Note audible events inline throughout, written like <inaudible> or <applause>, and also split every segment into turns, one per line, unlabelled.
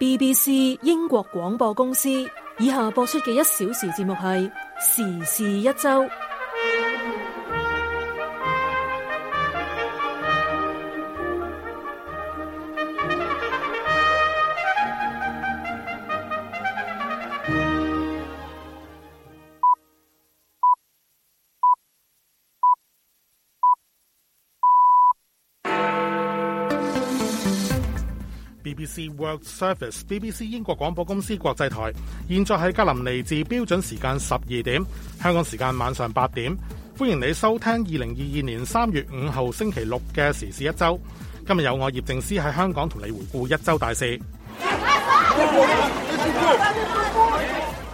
BBC 英國廣播公司以下播出嘅一小時節目係時事一周。
World Service，BBC 英國廣播公司國際台，現在係格林尼治標準時間十二點，香港時間晚上八點，歡迎你收聽二零二二年三月五號星期六嘅時事一周。今日有我葉正思喺香港同你回顧一周大事。 <noise> <music>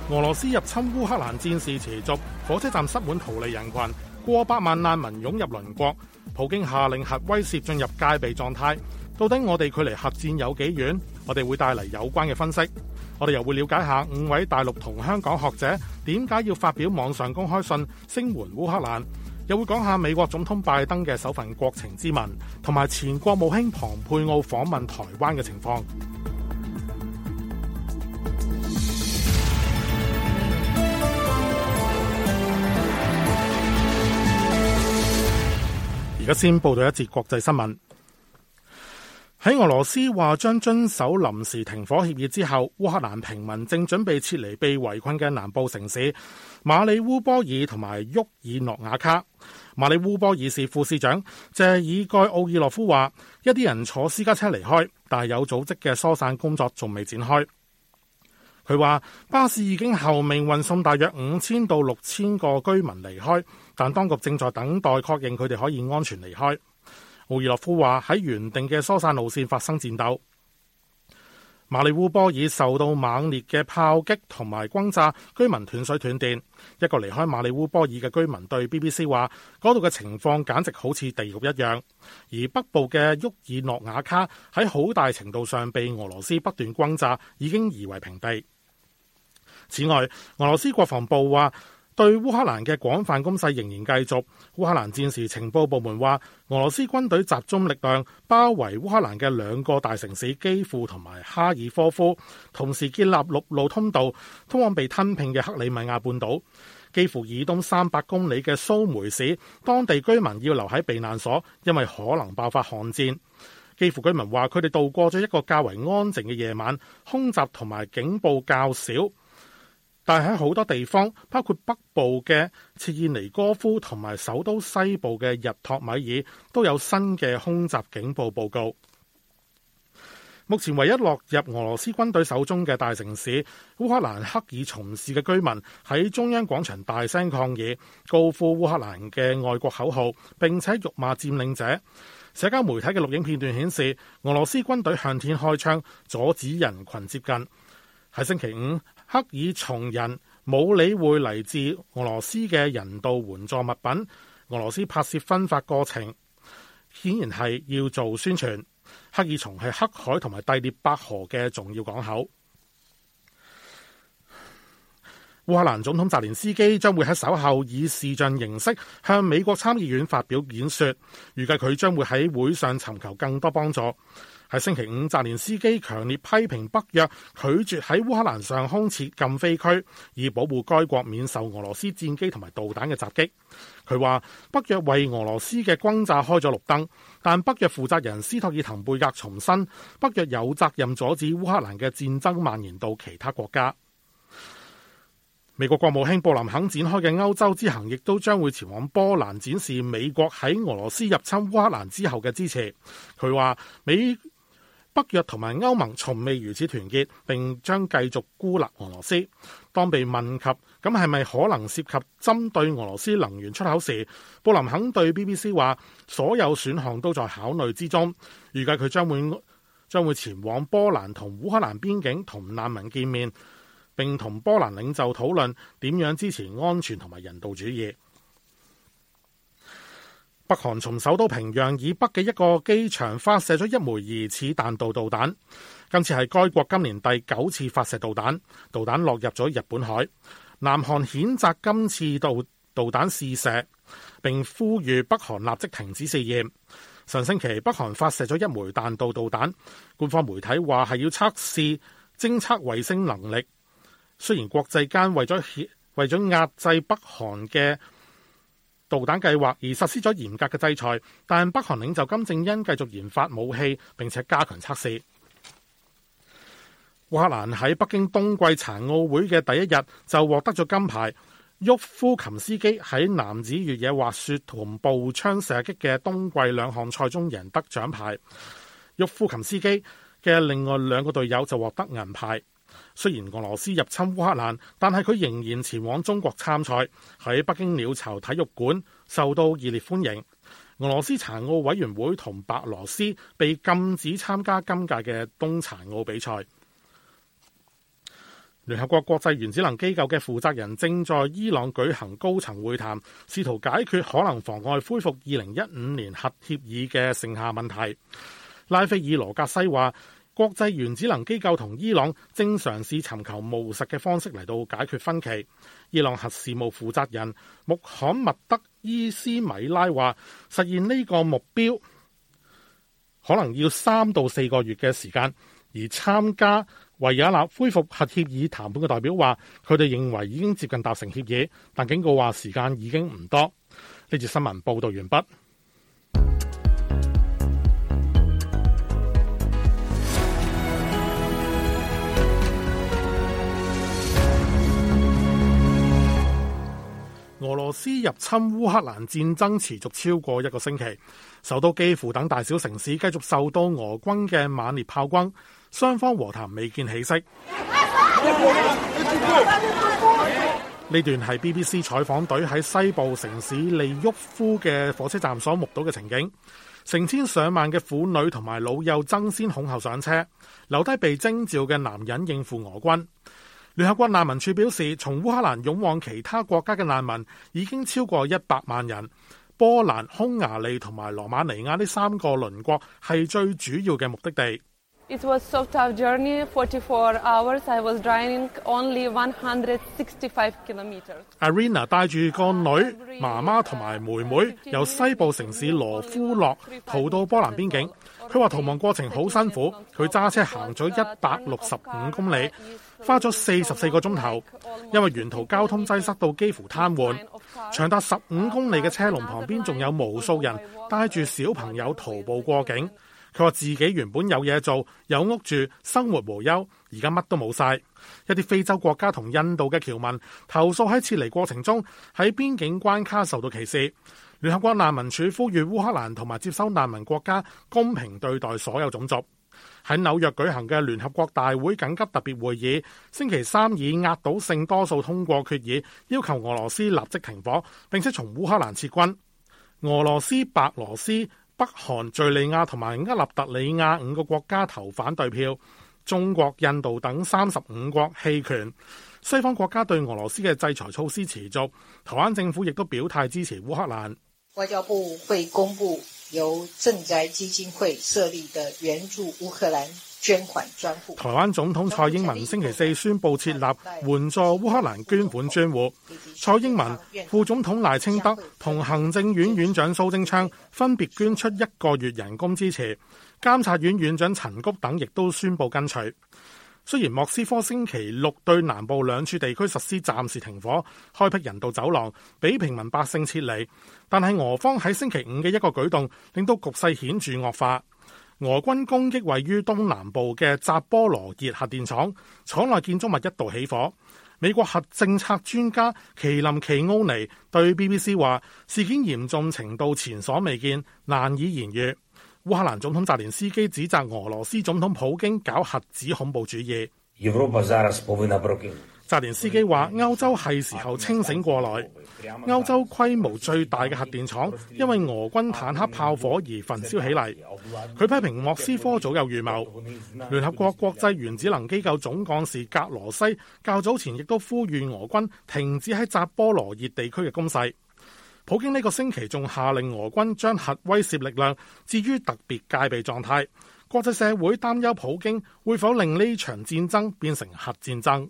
俄羅斯入侵烏克蘭戰事持續，火車站塞滿逃離人群，過百萬難民湧入鄰國。普京下令核威懾進入戒備狀態，到底我哋距離核戰有幾遠？我哋會帶嚟有關嘅分析，我哋又會了解下五位大陸同香港學者點解要發表網上公開信聲援烏克蘭，又會講下美國總統拜登嘅首份國情諮文，同埋前國務卿龐佩奧訪問台灣嘅情況。而家先報道一節國際新聞。喺俄羅斯話將遵守臨時停火協議之後，烏克蘭平民正準備撤離被圍困嘅南部城市馬里烏波爾同埋沃爾諾瓦卡。馬里烏波爾市副市長謝爾蓋奧爾洛夫話：一啲人坐私家車離開，但係有組織嘅疏散工作仲未展開。佢話巴士已經候命運送大約五千到六千個居民離開，但當局正在等待確認佢哋可以安全離開。奧爾洛夫話：喺原定嘅疏散路線發生戰鬥，馬里烏波爾受到猛烈嘅炮擊同埋轟炸，居民斷水斷電。一個離開馬里烏波爾嘅居民對 BBC 話：嗰度嘅情況簡直好似地獄一樣。而北部嘅沃爾諾瓦卡喺好大程度上被俄羅斯不斷轟炸，已經夷為平地。此外，俄羅斯國防部話，對烏克蘭嘅廣泛攻勢仍然繼續。烏克蘭戰時情報部門話，俄羅斯軍隊集中力量包圍烏克蘭嘅兩個大城市基輔、同埋哈爾科夫，同時建立陸路通道通往被吞併嘅克里米亞半島。基輔以東三百公里嘅蘇梅市，當地居民要留喺避難所，因為可能爆發巷戰。基輔居民話，佢哋度過咗一個較為安靜嘅夜晚，空襲同埋警報較少。但係喺好多地方，包括北部嘅切爾尼戈夫同埋首都西部嘅日托米爾，都有新嘅空襲警報報告。目前唯一落入俄羅斯軍隊手中嘅大城市，烏克蘭克爾松市嘅居民喺中央廣場大聲抗議，高呼烏克蘭嘅愛國口號，並且辱罵佔領者。社交媒體嘅錄影片段顯示，俄羅斯軍隊向天開槍，阻止人群接近。喺星期五，克爾松人冇理會嚟自俄羅斯嘅人道援助物品，俄羅斯拍攝分發過程顯然係要做宣傳。克爾松係黑海同埋第聶伯河嘅重要港口。烏克蘭總統澤連斯基將會喺稍後以視像形式向美國參議院發表演說，預計佢將會喺會上尋求更多幫助。喺星期五，澤連斯基強烈批評北約拒絕喺烏克蘭上空設禁飛區，以保護該國免受俄羅斯戰機同埋導彈嘅襲擊。佢話北約為俄羅斯嘅轟炸開咗綠燈，但北約負責人斯托爾滕貝格重申，北約有責任阻止烏克蘭嘅戰爭蔓延到其他國家。美國國務卿布林肯展開嘅歐洲之行，亦都將會前往波蘭展示美國喺俄羅斯入侵烏克蘭之後嘅支持。佢話美。北約同埋歐盟從未如此團結，並將繼續孤立俄羅斯。當被問及咁係咪可能涉及針對俄羅斯能源出口時，布林肯對 BBC 話：所有選項都在考慮之中。預計佢將會將會前往波蘭同烏克蘭邊境同難民見面，並同波蘭領袖討論點樣支持安全同埋人道主義。北韓從首都平壤以北嘅一個機場發射咗一枚疑似彈道導彈，今次係該國今年第九次發射導彈，導彈落入咗日本海。南韓譴責今次導導彈試射，并呼籲北韓立即停止試驗。上星期北韓發射咗一枚彈道導彈，官方媒體話係要測試偵測衛星能力。雖然國際間為咗為咗壓制北韓嘅。導彈計劃而實施咗嚴格嘅制裁，但北韓領袖金正恩繼續研發武器，並且加強測試。烏克蘭喺北京冬季殘奧會嘅第一日就獲得咗金牌。沃夫琴斯基喺男子越野滑雪同步槍射擊嘅冬季兩項賽中贏得獎牌。沃夫琴斯基嘅另外兩個隊友就獲得銀牌。雖然俄羅斯入侵烏克蘭，但係佢仍然前往中國參賽，喺北京鳥巢體育館受到熱烈歡迎。俄羅斯殘奧委員會同白羅斯被禁止參加今屆嘅冬殘奧比賽。聯合國國際原子能機構嘅負責人正在伊朗舉行高層會談，試圖解決可能妨礙恢復二零一五年核協議嘅剩下問題。拉斐爾·羅格西話：國際原子能機構同伊朗正嘗試尋求務實嘅方式嚟到解決分歧。伊朗核事務負責人穆罕默德伊斯米拉話：實現呢個目標可能要三到四個月嘅時間。而參加維也納恢復核協議談判嘅代表話：佢哋認為已經接近達成協議，但警告話時間已經唔多。呢次新聞報道完畢。俄羅斯入侵烏克蘭戰爭持續超過一個星期，首都基輔等大小城市繼續受到俄軍嘅猛烈炮轟，雙方和談未見起色。呢段係 BBC 採訪隊喺西部城市利沃夫嘅火車站所目睹嘅情景，成千上萬嘅婦女同埋老幼爭先恐後上車，留低被徵召嘅男人應付俄軍。聯合國難民處表示，從烏克蘭湧往其他國家嘅難民已經超過一百萬人。波蘭、匈牙利同埋羅馬尼亞呢三個鄰國係最主要嘅目的地。
It was so tough journey, forty four hours. I was driving only one hundred sixty five kilometres.
Irina 帶住個女、媽媽同埋妹妹由西部城市羅夫諾逃到波蘭邊境。佢話逃亡過程好辛苦，佢揸車行咗一百六十五公里。花咗四十四個鐘頭，因為沿途交通擠塞到幾乎癱瘓，長達十五公里嘅車龍旁邊仲有無數人帶住小朋友徒步過境。佢話自己原本有嘢做，有屋住，生活無憂，而家乜都冇晒。一啲非洲國家同印度嘅僑民投訴喺撤離過程中喺邊境關卡受到歧視。聯合國難民署呼籲烏克蘭同埋接收難民國家公平對待所有種族。喺紐約舉行嘅聯合國大會緊急特別會議，星期三以壓倒性多數通過決議，要求俄羅斯立即停火並且從烏克蘭撤軍。俄羅斯、白俄羅斯、北韓、敍利亞同埋厄立特里亞五個國家投反對票，中國、印度等三十五國棄權。西方國家對俄羅斯嘅制裁措施持續，台灣政府亦都表態支持烏克蘭。
外交部會公布。由
賑災基金會設立的援助烏克蘭捐款專戶。
台灣總統蔡英文星期四宣布設立援助烏克蘭捐款專戶。蔡英文、副總統賴清德同行政院院長蘇貞昌分別捐出一個月人工支持，監察院院長陳菊等亦都宣布跟隨。雖然莫斯科星期六對南部兩處地區實施暫時停火、開闢人道走廊，俾平民百姓撤離，但係俄方喺星期五嘅一個舉動，令到局勢顯著惡化。俄軍攻擊位於東南部嘅扎波羅熱核電廠，廠內建築物一度起火。美國核政策專家麒林奇奧尼對 BBC 話：事件嚴重程度前所未見，難以言喻。烏克蘭總統澤連斯基指責俄羅斯總統普京搞核子恐怖主義。澤連斯基話：歐洲係時候清醒過來。歐洲規模最大嘅核電廠因為俄軍坦克炮火而焚燒起嚟。佢批評莫斯科早有預謀。聯合國國際原子能機構總幹事格羅西較早前亦都呼籲俄軍停止喺扎波羅熱地區嘅攻勢。普京呢個星期仲下令俄軍將核威懾力量置於特別戒備狀態，國際社會擔憂普京會否令呢場戰爭變成核戰爭？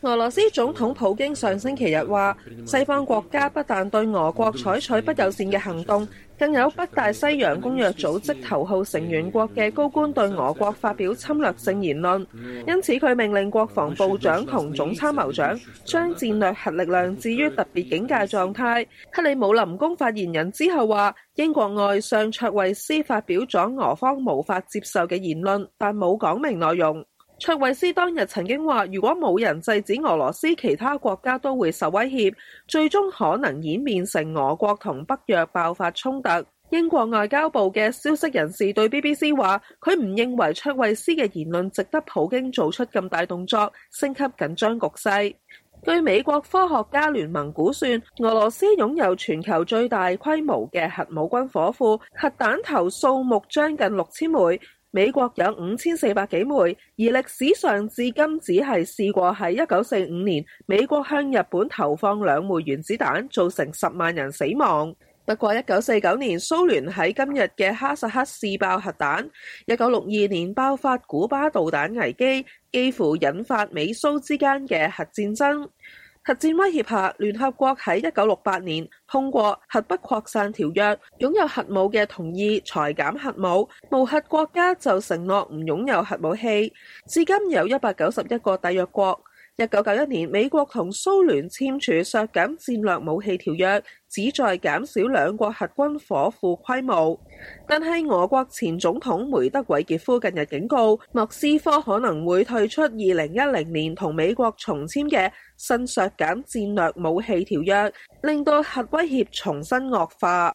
俄羅斯總統普京上星期日話：西方國家不但對俄國採取不友善嘅行動。更有北大西洋公約組織頭號成員國嘅高官對俄國發表侵略性言論，因此佢命令國防部長同總參謀長將戰略核力量置於特別警戒狀態。克里姆林宮發言人之後話英國外相卓慧斯發表咗俄方無法接受嘅言論，但冇講明內容。卓慧斯當日曾經話：如果冇人制止俄羅斯，其他國家都會受威脅，最終可能演變成俄國同北約爆發衝突。英國外交部嘅消息人士對 BBC 話：佢唔認為卓慧斯嘅言論值得普京做出咁大動作，升級緊張局勢。據美國科學家聯盟估算，俄羅斯擁有全球最大規模嘅核武軍火庫，核彈頭數目將近六千枚。美國有五千四百幾枚，而歷史上至今只係試過喺一九四五年，美國向日本投放兩枚原子彈，造成十萬人死亡。不過一九四九年，蘇聯喺今日嘅哈薩克試爆核彈，一九六二年爆發古巴導彈危機，幾乎引發美蘇之間嘅核戰爭。核戰威脅下，聯合國喺一九六八年通過《核不擴散條約》，擁有核武嘅同意裁減核武，無核國家就承諾唔擁有核武器。至今有一百九十一個締約國。一九九一年，美國同蘇聯簽署削減戰略武器條約，旨在減少兩國核軍火庫規模。但係俄國前總統梅德韋傑夫近日警告，莫斯科可能會退出二零一零年同美國重簽嘅新削減戰略武器條約，令到核威脅重新惡化。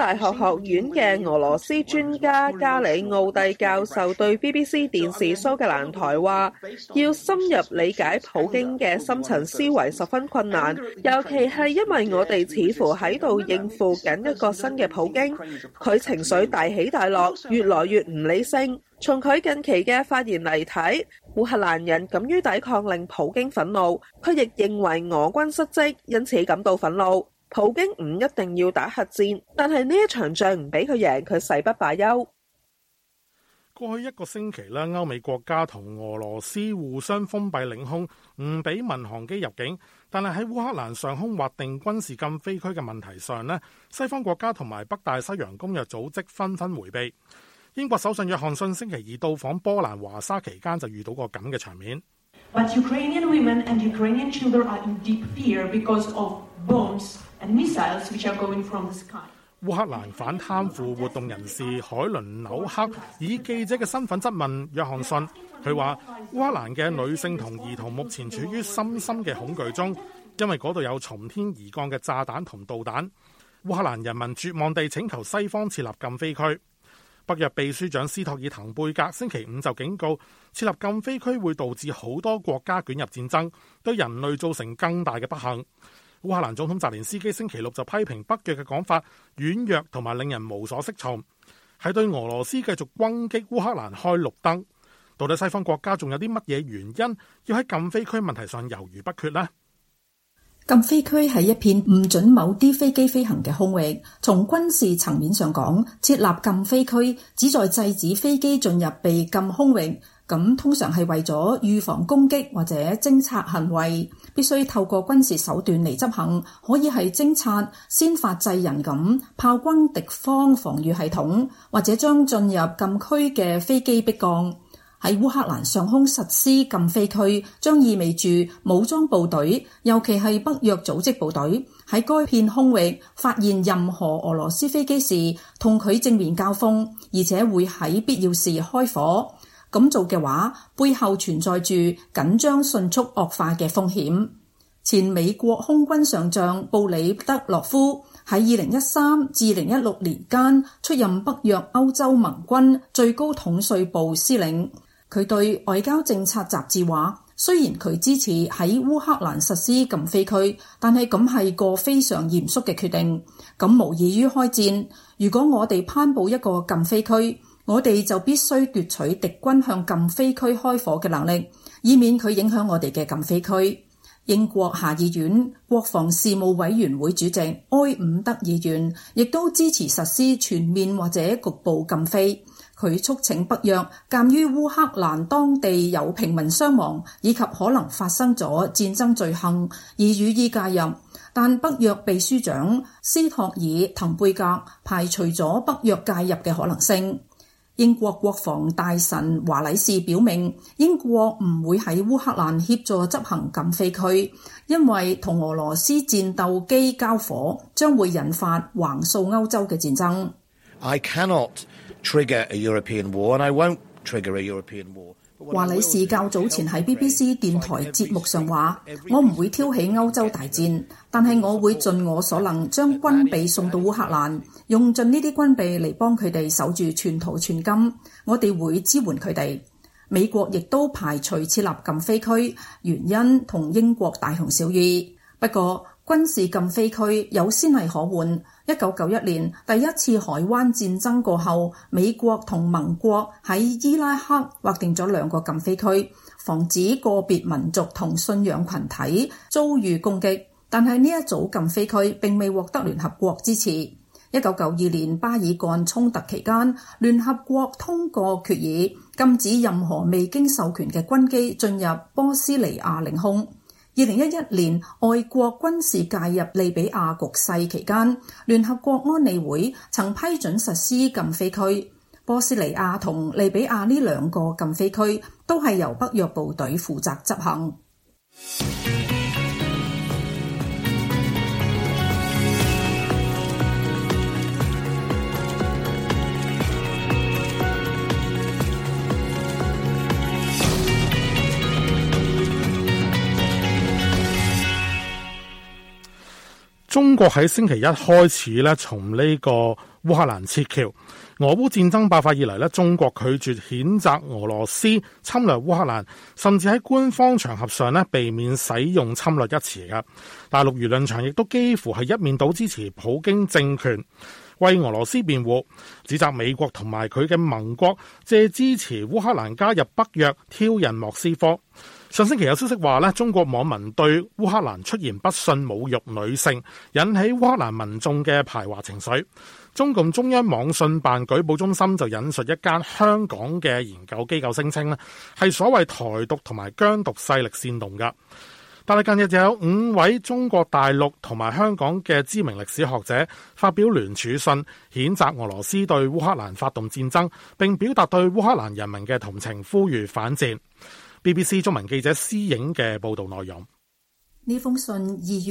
大學學院嘅俄羅斯專家加里奧蒂教授對 BBC 電視蘇格蘭台話，要深入理解普京嘅深層思維十分困難，尤其係因為我哋似乎喺度應付緊一個新嘅普京，佢情緒大起大落，越來越唔理性。從佢近期嘅發言嚟睇，烏克蘭人敢於抵抗令普京憤怒，佢亦認為俄軍失職，因此感到憤怒。普京唔一定要打核戰，但係呢一場仗唔俾佢贏，佢誓不罷休。
過去一個星期咧，歐美國家同俄羅斯互相封閉領空，唔俾民航機入境。但係喺烏克蘭上空劃定軍事禁飛區嘅問題上咧，西方國家同埋北大西洋公約組織紛紛回避。英國首相約翰遜星期二到訪波蘭華沙期間就遇到過咁嘅場面。
But Ukrainian women and Ukrainian children are in deep fear because of
烏克蘭反貪腐活動人士海倫紐，紐克以記者嘅身份質問約翰遜，佢話：烏克蘭嘅女性同兒童目前處於深深嘅恐懼中，因為嗰度有從天而降嘅炸彈同導彈。烏克蘭人民絕望地請求西方設立禁飛區。北約秘書長斯托爾滕貝格星期五就警告，設立禁飛區會導致好多國家捲入戰爭，對人類造成更大嘅不幸。烏克蘭總統澤連斯基星期六就批評北約嘅講法軟弱同埋令人無所適從，係對俄羅斯繼續攻擊烏克蘭開綠燈。到底西方國家仲有啲乜嘢原因要喺禁飛區問題上猶豫不決呢？
禁飛區係一片唔准某啲飛機飛行嘅空域。從軍事層面上講，設立禁飛區旨在制止飛機進入被禁空域，咁通常係為咗預防攻擊或者偵察行為。必須透過軍事手段嚟執行，可以係偵察、先發制人咁炮轟敵方防禦系統，或者將進入禁區嘅飛機迫降。喺烏克蘭上空實施禁飛區，將意味住武裝部隊，尤其係北約組織部隊喺該片空域發現任何俄羅斯飛機時，同佢正面交鋒，而且會喺必要時開火。咁做嘅話，背後存在住緊張迅速惡化嘅風險。前美國空軍上將布里德洛夫喺二零一三至二零一六年間出任北約歐洲盟軍最高統帥部司令。佢對外交政策雜誌話，雖然佢支持喺烏克蘭實施禁飛區，但係咁係個非常嚴肅嘅決定，咁無異於開戰。如果我哋頒布一個禁飛區，我哋就必須奪取敵軍向禁飛區開火嘅能力，以免佢影響我哋嘅禁飛區。英國下議院國防事務委員會主席埃伍德議員亦都支持實施全面或者局部禁飛。佢促請北約鑒於烏克蘭當地有平民傷亡以及可能發生咗戰爭罪行而予以介入，但北約秘書長斯托爾滕貝格排除咗北約介入嘅可能性。英國國防大臣華禮士表明，英國唔會喺烏克蘭協助執行禁飛區，因為同俄羅斯戰鬥機交火將會引發橫掃歐洲嘅戰爭。I 華里士較早前喺 BBC 電台節目上話，我唔會挑起歐洲大戰，但係我會盡我所能將軍備送到烏克蘭，用盡呢啲軍備嚟幫佢哋守住寸土寸金。我哋會支援佢哋。美國亦都排除設立禁飛區，原因同英國大同小異。不過，軍事禁飛區有先例可換。一九九一年第一次海灣戰爭過後，美國同盟國喺伊拉克劃定咗兩個禁飛區，防止個別民族同信仰群體遭遇攻擊。但係呢一組禁飛區並未獲得聯合國支持。一九九二年巴爾幹衝突期間，聯合國通過決議禁止任何未經授權嘅軍機進入波斯尼亞領空。二零一一年，外國軍事介入利比亞局勢期間，聯合國安理會曾批准實施禁飛區。波斯尼亞同利比亞呢兩個禁飛區，都係由北約部隊負責執行。
中國喺星期一開始咧，從呢個烏克蘭撤僑。俄烏戰爭爆發以嚟咧，中國拒絕譴責俄羅斯侵略烏克蘭，甚至喺官方場合上咧避免使用侵略一詞嘅。大陸輿論場亦都幾乎係一面倒支持普京政權。為俄羅斯辯護，指責美國同埋佢嘅盟國借支持烏克蘭加入北約挑釁莫斯科。上星期有消息話咧，中國網民對烏克蘭出言不遜、侮辱女性，引起烏克蘭民眾嘅排華情緒。中共中央網信辦舉報中心就引述一間香港嘅研究機構聲稱咧，係所謂台獨同埋疆獨勢力煽動噶但係近日就有五位中國大陸同埋香港嘅知名歷史學者發表聯署信，譴責俄羅斯對烏克蘭發動戰爭，並表達對烏克蘭人民嘅同情，呼籲反戰。BBC 中文記者司影嘅報導內容：
呢封信二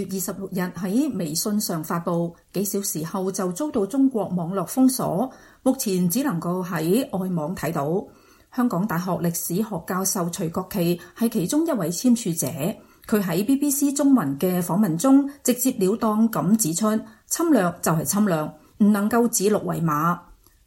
月二十六日喺微信上發布，幾小時後就遭到中國網絡封鎖，目前只能夠喺外網睇到。香港大學歷史學教授徐國琦係其中一位簽署者。佢喺 BBC 中文嘅訪問中，直接了當咁指出，侵略就係侵略，唔能夠指鹿為馬。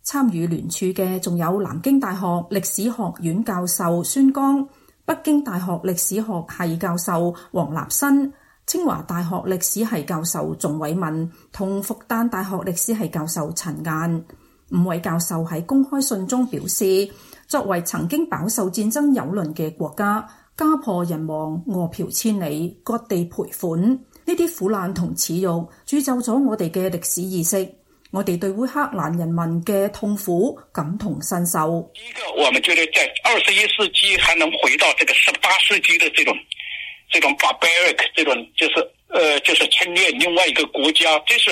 參與聯署嘅仲有南京大學歷史學院教授孫江、北京大學歷史學系教授王立新、清華大學歷史系教授仲偉民同復旦大學歷史系教授陳雁。五位教授喺公開信中表示，作為曾經飽受戰爭蹂躪嘅國家。家破人亡，餓殍千里，割地賠款，呢啲苦難同恥辱鑄就咗我哋嘅歷史意識。我哋對烏克蘭人民嘅痛苦感同身受。
第一個，我們覺得
在二十一世紀還能回到這個十八世紀的這種、這種 barbaric 這種，就是，呃，就是侵略另外一個國家，這、就是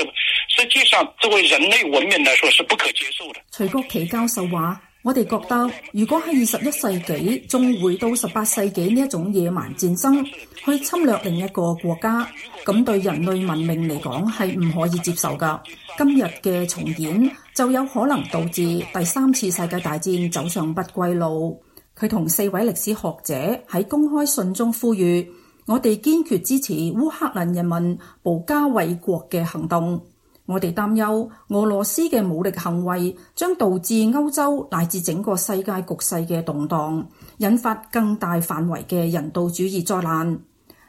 實際上作
為人類文明來說是不可
接受的。徐國琦教授話。我哋覺得，如果喺二十一世紀，仲回到十八世紀呢一種野蠻戰爭去侵略另一個國家，咁對人類文明嚟講係唔可以接受噶今日嘅重演就有可能導致第三次世界大戰走上不歸路。佢同四位歷史學者喺公開信中呼籲，我哋堅決支持烏克蘭人民保家衛國嘅行動。我哋擔憂俄羅斯嘅武力行為將導致歐洲乃至整個世界局勢嘅動盪，引發更大範圍嘅人道主義災難。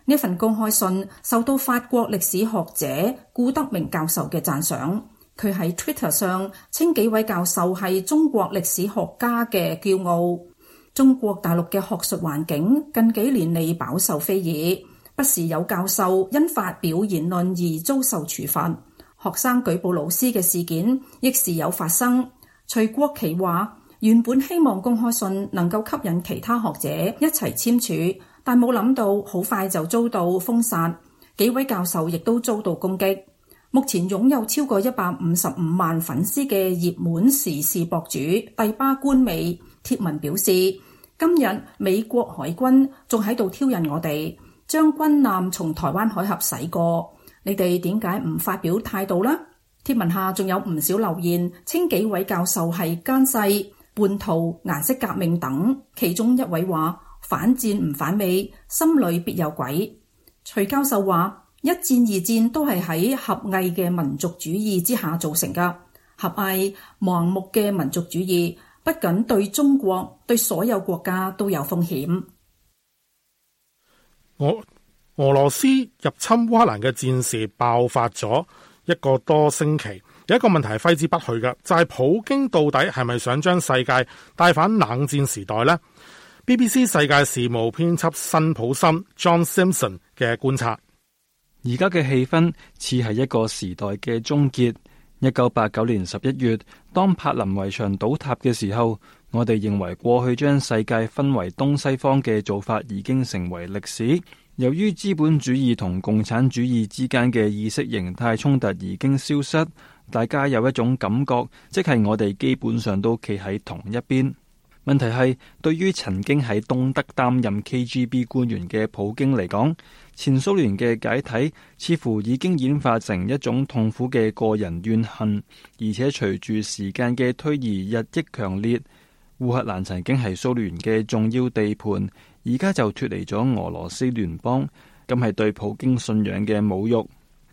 呢份公開信受到法國歷史學者顧德明教授嘅讚賞，佢喺 Twitter 上稱幾位教授係中國歷史學家嘅驕傲。中國大陸嘅學術環境近幾年嚟飽受非議，不時有教授因發表言論而遭受處罰。學生舉報老師嘅事件亦時有發生。徐國琦話：原本希望公開信能夠吸引其他學者一齊簽署，但冇諗到好快就遭到封殺。幾位教授亦都遭到攻擊。目前擁有超過一百五十五萬粉絲嘅熱門時事博主帝吧官微貼文表示：今日美國海軍仲喺度挑釁我哋，將軍艦從台灣海峽駛過。你哋點解唔發表態度呢？帖文下仲有唔少留言，稱幾位教授係奸細、叛徒、顏色革命等。其中一位話反戰唔反美，心裏必有鬼。徐教授話一戰二戰都係喺狹隘嘅民族主義之下造成噶，狹隘盲目嘅民族主義不僅對中國，對所有國家都有風險。
我。俄羅斯入侵烏克蘭嘅戰事爆發咗一個多星期，有一個問題係揮之不去嘅，就係普京到底係咪想將世界帶返冷戰時代呢？BBC 世界事務編輯新普森 John Simpson 嘅觀察，而家嘅氣氛似係一個時代嘅終結。一
九八九年十一月，當柏林圍牆倒塌嘅時候，我哋認為過去將世界分為東西方嘅做法已經成為歷史。由於資本主義同共產主義之間嘅意識形態衝突已經消失，大家有一種感覺，即係我哋基本上都企喺同一邊。問題係，對於曾經喺東德擔任 KGB 官員嘅普京嚟講，前蘇聯嘅解體似乎已經演化成一種痛苦嘅個人怨恨，而且隨住時間嘅推移日益強烈。烏克蘭曾經係蘇聯嘅重要地盤。而家就脫離咗俄羅斯聯邦，咁係對普京信仰嘅侮辱。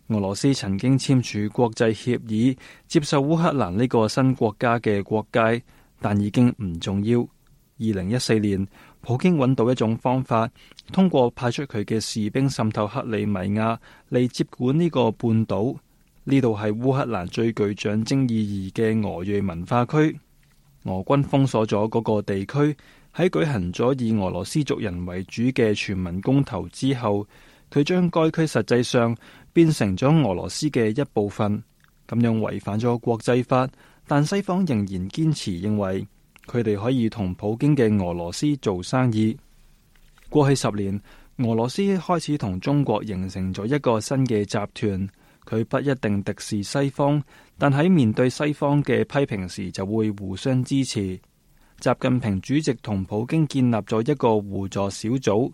俄羅斯曾經簽署國際協議，接受烏克蘭呢個新國家嘅國界，但已經唔重要。二零一四年，普京搵到一種方法，通過派出佢嘅士兵滲透克里米亞嚟，接管呢個半島。呢度係烏克蘭最具象徵意義嘅俄裔文化區，俄軍封鎖咗嗰個地區。喺舉行咗以俄羅斯族人為主嘅全民公投之後，佢將該區實際上變成咗俄羅斯嘅一部分，咁樣違反咗國際法。但西方仍然堅持認為，佢哋可以同普京嘅俄羅斯做生意。過去十年，俄羅斯開始同中國形成咗一個新嘅集團。佢不一定敵視西方，但喺面對西方嘅批評時，就會互相支持。習近平主席同普京建立咗一個互助小組，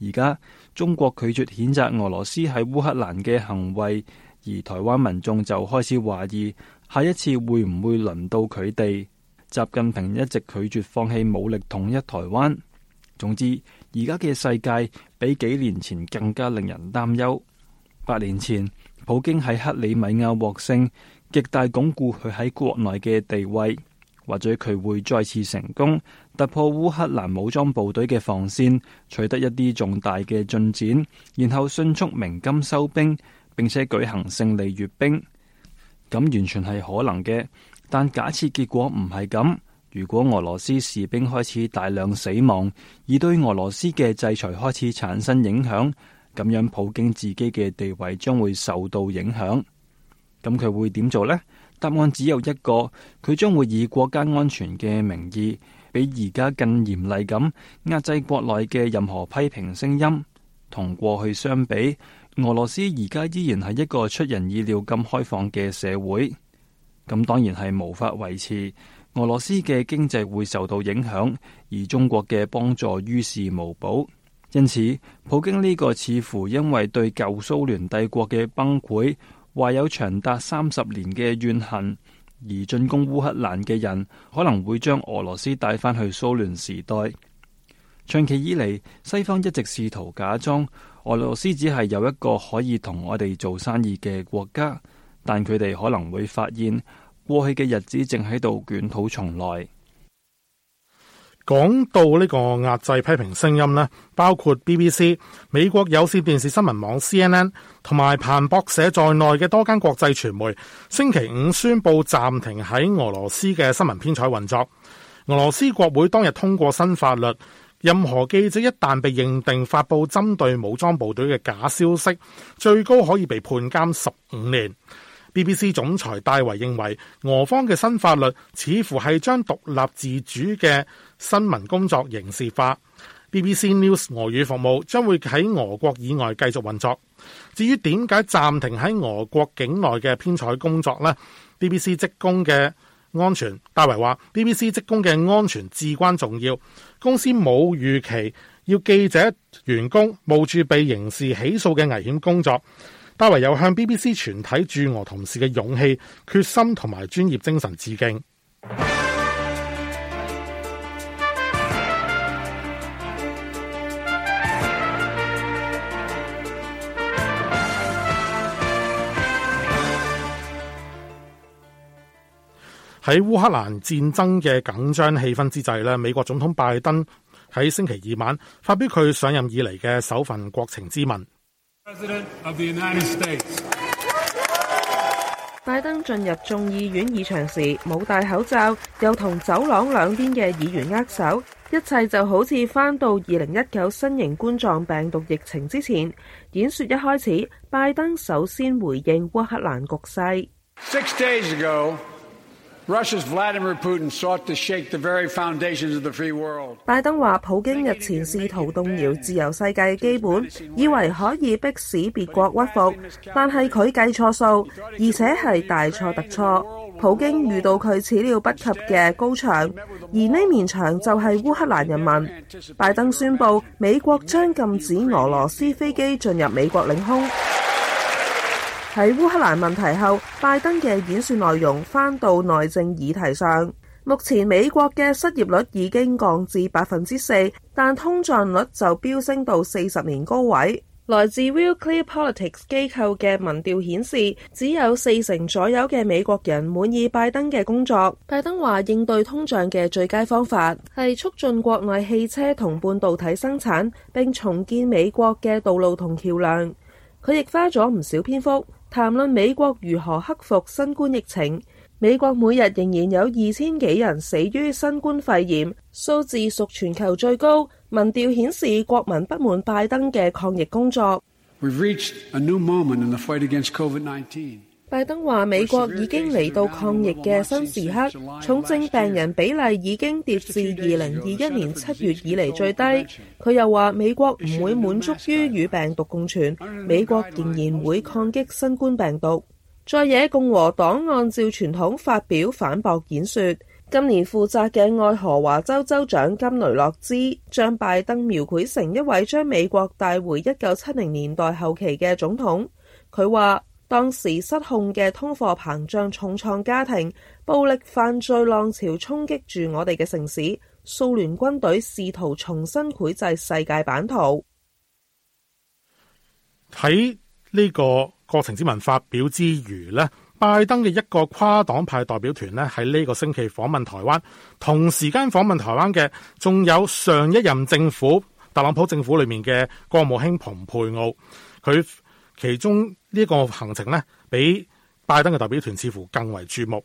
而家中國拒絕譴責俄羅斯喺烏克蘭嘅行為，而台灣民眾就開始懷疑下一次會唔會輪到佢哋。習近平一直拒絕放棄武力統一台灣。總之，而家嘅世界比幾年前更加令人擔憂。八年前，普京喺克里米亞獲勝，極大鞏固佢喺國內嘅地位。或者佢會再次成功突破烏克蘭武裝部隊嘅防線，取得一啲重大嘅進展，然後迅速鳴金收兵，並且舉行勝利閱兵，咁完全係可能嘅。但假設結果唔係咁，如果俄羅斯士兵開始大量死亡，而對俄羅斯嘅制裁開始產生影響，咁樣普京自己嘅地位將會受到影響。咁佢會點做呢？答案只有一個，佢將會以國家安全嘅名義，比而家更嚴厲咁壓制國內嘅任何批評聲音。同過去相比，俄羅斯而家依然係一個出人意料咁開放嘅社會。咁當然係無法維持，俄羅斯嘅經濟會受到影響，而中國嘅幫助於事無補。因此，普京呢個似乎因為對舊蘇聯帝國嘅崩潰。懷有長達三十年嘅怨恨而進攻烏克蘭嘅人，可能會將俄羅斯帶返去蘇聯時代。長期以嚟，西方一直試圖假裝俄羅斯只係有一個可以同我哋做生意嘅國家，但佢哋可能會發現
過去嘅日子正喺度捲土重來。講到呢個壓制批評聲音咧，包括 BBC、美國有線電視新聞網 CNN 同埋彭博社在內嘅多間國際傳媒，星期五宣布暫停喺俄羅斯嘅新聞編採運作。俄羅斯國會當日通過新法律，任何記者一旦被認定發布針對武裝部隊嘅假消息，最高可以被判監十五年。BBC 總裁戴維認為，俄方嘅新法律似乎係將獨立自主嘅。新聞工作刑事化，BBC News 俄語服務將會喺俄國以外繼續運作。至於點解暫停喺俄國境內嘅編採工作呢？BBC 職工嘅安全，戴維話：BBC 職工嘅安全至關重要。公司冇預期要記者員工冒住被刑事起訴嘅危險工作。戴維又向 BBC 全體駐俄同事嘅勇氣、決心同埋專業精神致敬。喺烏克蘭戰爭嘅緊張氣氛之際呢，美國總統拜登喺星期二晚發表佢上任以嚟嘅首份國情之文國
情咨文。
拜登進入眾議院議場時冇戴口罩，又同走廊兩邊嘅議員握手，一切就好似翻到二零一九新型冠狀病毒疫情之前。演說一開始，拜登首先回應烏克蘭局勢。
Six days ago,
拜登話：普京日前試圖動搖自由世界嘅基本，以為可以迫使別國屈服，但係佢計錯數，而且係大錯特錯。普京遇到佢始料不及嘅高牆，而呢面牆就係烏克蘭人民。拜登宣布美國將禁止俄羅斯飛機進入美國領空。喺烏克蘭問題後，拜登嘅演說內容翻到內政議題上。目前美國嘅失業率已經降至百分之四，但通脹率就飆升到四十年高位。來自 Real Clear Politics 機構嘅民調顯示，只有四成左右嘅美國人滿意拜登嘅工作。拜登話應對通脹嘅最佳方法係促進國內汽車同半導體生產，並重建美國嘅道路同橋樑。佢亦花咗唔少篇幅。談論美國如何克服新冠疫情，美國每日仍然有二千幾人死於新冠肺炎，數字屬全球最高，民調顯示國民不滿拜登嘅抗疫工
作。
拜登話：美國已經嚟到抗疫嘅新時刻，重症病人比例已經跌至二零二一年七月以來最低。佢又話：美國唔會滿足於與病毒共存，美國仍然會抗擊新冠病毒。在野，共和黨按照傳統發表反駁演說。今年負責嘅愛荷華州州長金雷諾茲將拜登描繪成一位將美國帶回一九七零年代後期嘅總統。佢話。當時失控嘅通貨膨脹重創家庭，暴力犯罪浪潮衝擊住我哋嘅城市，蘇聯軍隊試圖重新繪製世界版圖。
喺呢個過程之文發表之餘咧，拜登嘅一個跨黨派代表團咧喺呢個星期訪問台灣，同時間訪問台灣嘅仲有上一任政府特朗普政府裏面嘅國務卿蓬佩奧，佢。其中呢個行程呢，比拜登嘅代表團似乎更為注目。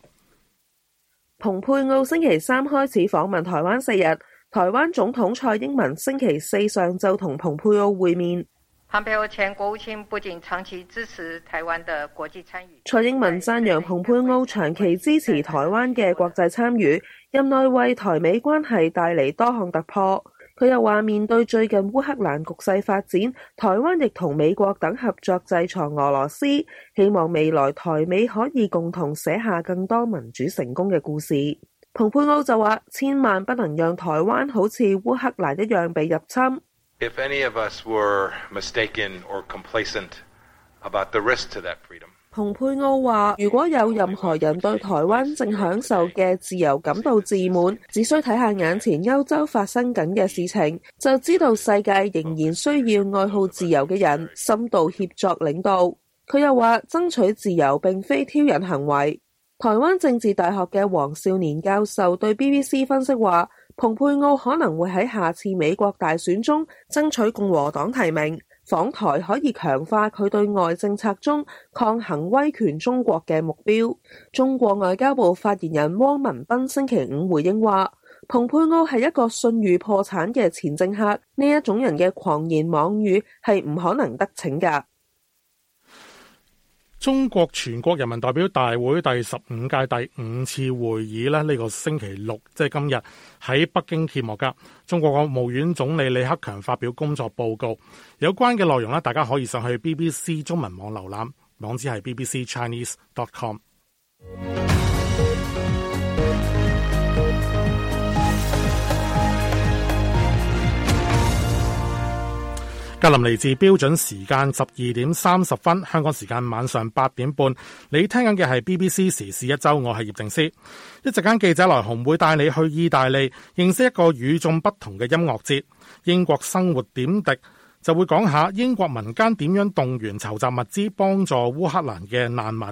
蓬佩奧星期三開始訪問台灣四日，台灣總統蔡英文星期四上晝同蓬佩奧會面。
蓬佩奧前國務卿不僅長期支持台灣的國際參與。
蔡英文讚揚蓬佩奧長期支持台灣嘅國際參與，任內為台美關係帶嚟多項突破。佢又話：面對最近烏克蘭局勢發展，台灣亦同美國等合作制裁俄羅斯，希望未來台美可以共同寫下更多民主成功嘅故事。蓬佩奧就話：千萬不能讓台灣好似烏克蘭一樣被入侵。
If any of us were
蓬佩奧話：如果有任何人對台灣正享受嘅自由感到自滿，只需睇下眼前歐洲發生緊嘅事情，就知道世界仍然需要愛好自由嘅人深度協作領導。佢又話：爭取自由並非挑釁行為。台灣政治大學嘅黃少年教授對 BBC 分析話：蓬佩奧可能會喺下次美國大選中爭取共和黨提名。訪台可以強化佢對外政策中抗衡威權中國嘅目標。中國外交部發言人汪文斌星期五回應話，蓬佩奧係一個信譽破產嘅前政客，呢一種人嘅狂言妄語係唔可能得逞㗎。
中國全國人民代表大會第十五屆第五次會議咧，呢、呢個星期六，即係今日喺北京揭幕噶。中國國務院總理李克強發表工作報告，有關嘅內容咧，大家可以上去 BBC 中文網瀏覽，網址係 BBC Chinese dot com。格林尼治標準時間十二點三十分，香港時間晚上八點半。你聽緊嘅係 BBC 時事一周，我係葉定思。一陣間記者來鴻會帶你去意大利認識一個與眾不同嘅音樂節。英國生活點滴就會講下英國民間點樣動員籌集物資幫助烏克蘭嘅難民。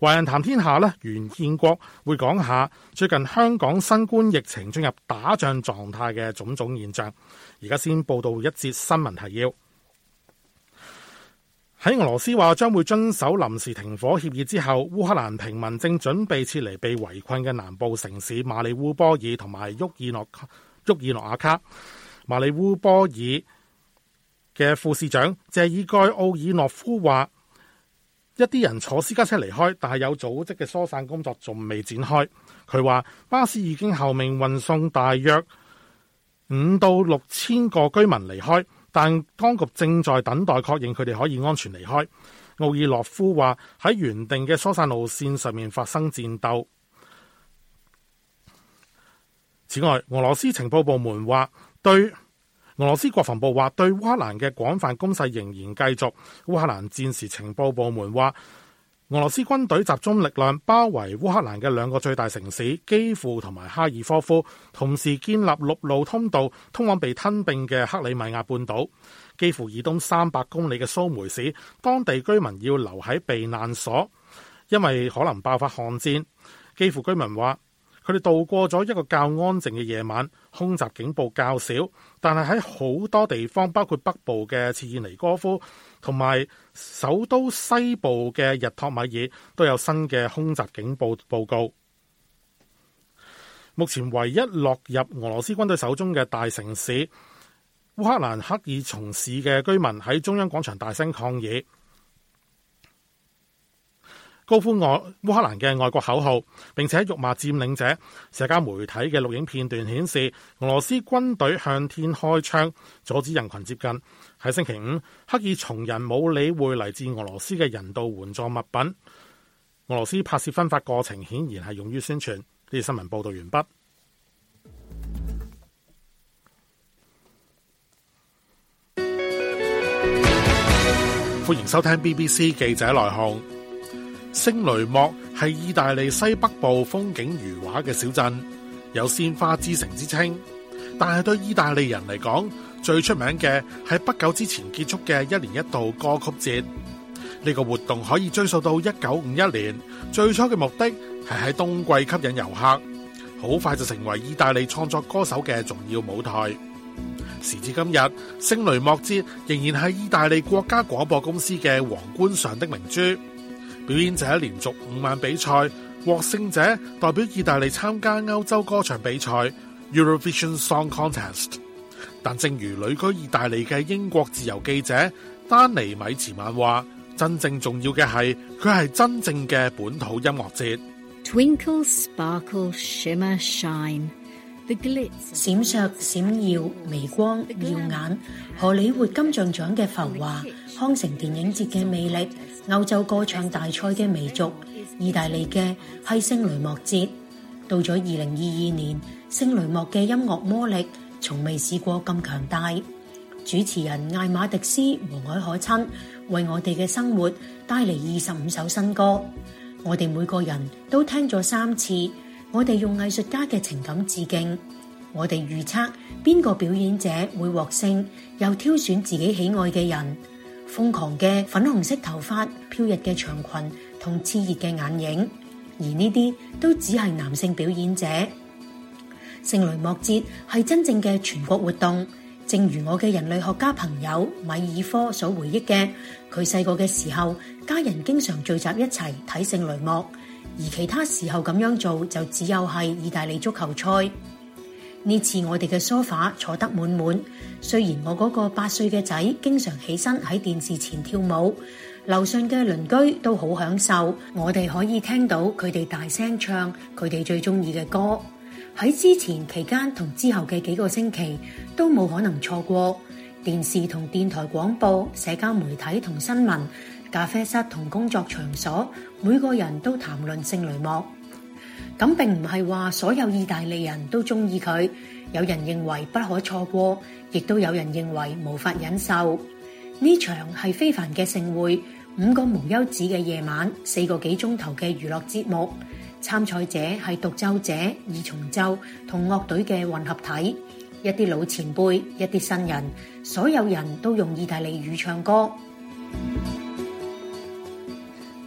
華人談天下呢，袁建國會講下最近香港新冠疫情進入打仗狀態嘅種種現象。而家先報道一節新聞提要。喺俄羅斯話將會遵守臨時停火協議之後，烏克蘭平民正準備撤離被圍困嘅南部城市馬里烏波爾同埋沃爾諾沃爾諾亞卡。馬里烏波爾嘅副市長謝爾蓋奧爾諾夫話：「一啲人坐私家車離開，但係有組織嘅疏散工作仲未展開。」佢話巴士已經候命運送大約五到六千個居民離開。但當局正在等待確認佢哋可以安全離開。奧爾洛夫話喺原定嘅疏散路線上面發生戰鬥。此外，俄羅斯情報部門話對俄羅斯國防部話對烏克蘭嘅廣泛攻勢仍然繼續。烏克蘭戰時情報部門話。俄羅斯軍隊集中力量包圍烏克蘭嘅兩個最大城市基輔同埋哈爾科夫，同時建立陸路通道通往被吞併嘅克里米亞半島。基輔以東三百公里嘅蘇梅市，當地居民要留喺避難所，因為可能爆發巷戰。基輔居民話：佢哋度過咗一個較安靜嘅夜晚，空襲警報較少，但係喺好多地方，包括北部嘅切爾尼戈夫。同埋首都西部嘅日托米爾都有新嘅空襲警報報告。目前唯一落入俄羅斯軍隊手中嘅大城市，烏克蘭克爾松市嘅居民喺中央廣場大聲抗議。高呼俄烏克蘭嘅外國口號，並且辱罵佔領者。社交媒體嘅錄影片段顯示，俄羅斯軍隊向天開槍，阻止人群接近。喺星期五，克爾松人冇理會嚟自俄羅斯嘅人道援助物品。俄羅斯拍攝分發過程顯然係用於宣傳。呢個新聞報道完畢。歡迎收聽 BBC 記者來鴻。星雷莫係意大利西北部風景如畫嘅小鎮，有鮮花之城之稱。但係對意大利人嚟講，最出名嘅係不久之前結束嘅一年一度歌曲節。呢、這個活動可以追溯到一九五一年，最初嘅目的係喺冬季吸引遊客，好快就成為意大利創作歌手嘅重要舞台。時至今日，星雷莫節仍然係意大利國家廣播公司嘅皇冠上的明珠。表演者連續五晚比賽，獲勝者代表意大利參加歐洲歌唱比賽 （Eurovision Song Contest）。但正如旅居意大利嘅英國自由記者丹尼米茨曼話：真正重要嘅係佢係真正嘅本土音樂節。Twinkle,
sparkle, shimmer shine. 閃爍、閃耀、微光、耀眼，荷里活金像獎嘅浮華，康城電影節嘅魅力，歐洲歌唱大賽嘅媚俗，意大利嘅係星雷莫節。到咗二零二二年，聖雷莫嘅音樂魔力從未試過咁強大。主持人艾馬迪斯和藹可親，為我哋嘅生活帶嚟二十五首新歌。我哋每個人都聽咗三次。我哋用藝術家嘅情感致敬。我哋預測邊個表演者會獲勝，又挑選自己喜愛嘅人。瘋狂嘅粉紅色頭髮、飄逸嘅長裙同熾熱嘅眼影，而呢啲都只係男性表演者。聖雷莫節係真正嘅全國活動。正如我嘅人類學家朋友米爾科所回憶嘅，佢細個嘅時候，家人經常聚集一齊睇聖雷莫。而其他時候咁樣做，就只有係意大利足球賽。呢次我哋嘅梳化坐得滿滿，雖然我嗰個八歲嘅仔經常起身喺電視前跳舞，樓上嘅鄰居都好享受，我哋可以聽到佢哋大聲唱佢哋最中意嘅歌。喺之前期間同之後嘅幾個星期都冇可能錯過電視同電台廣播、社交媒體同新聞。咖啡室同工作場所，每個人都談論聖雷莫。咁並唔係話所有意大利人都中意佢，有人認為不可錯過，亦都有人認為無法忍受。呢場係非凡嘅盛會，五個無休止嘅夜晚，四個幾鐘頭嘅娛樂節目。參賽者係獨奏者、二重奏同樂隊嘅混合體，一啲老前輩，一啲新人，所有人都用意大利語唱歌。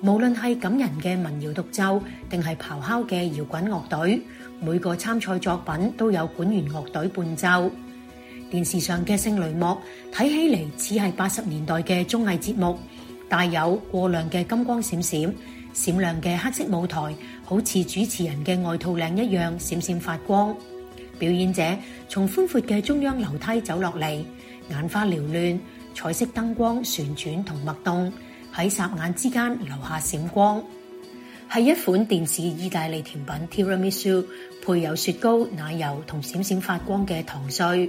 無論係感人嘅民謠獨奏，定係咆哮嘅搖滾樂隊，每個參賽作品都有管弦樂隊伴奏。電視上嘅聖雷莫睇起嚟似係八十年代嘅綜藝節目，帶有過量嘅金光閃閃、閃亮嘅黑色舞台，好似主持人嘅外套領一樣閃閃發光。表演者從寬闊嘅中央樓梯走落嚟，眼花繚亂，彩色燈光旋轉同脈動。喺眨眼之間留下閃光，係一款電視意大利甜品 Tiramisu，配有雪糕、奶油同閃閃發光嘅糖碎。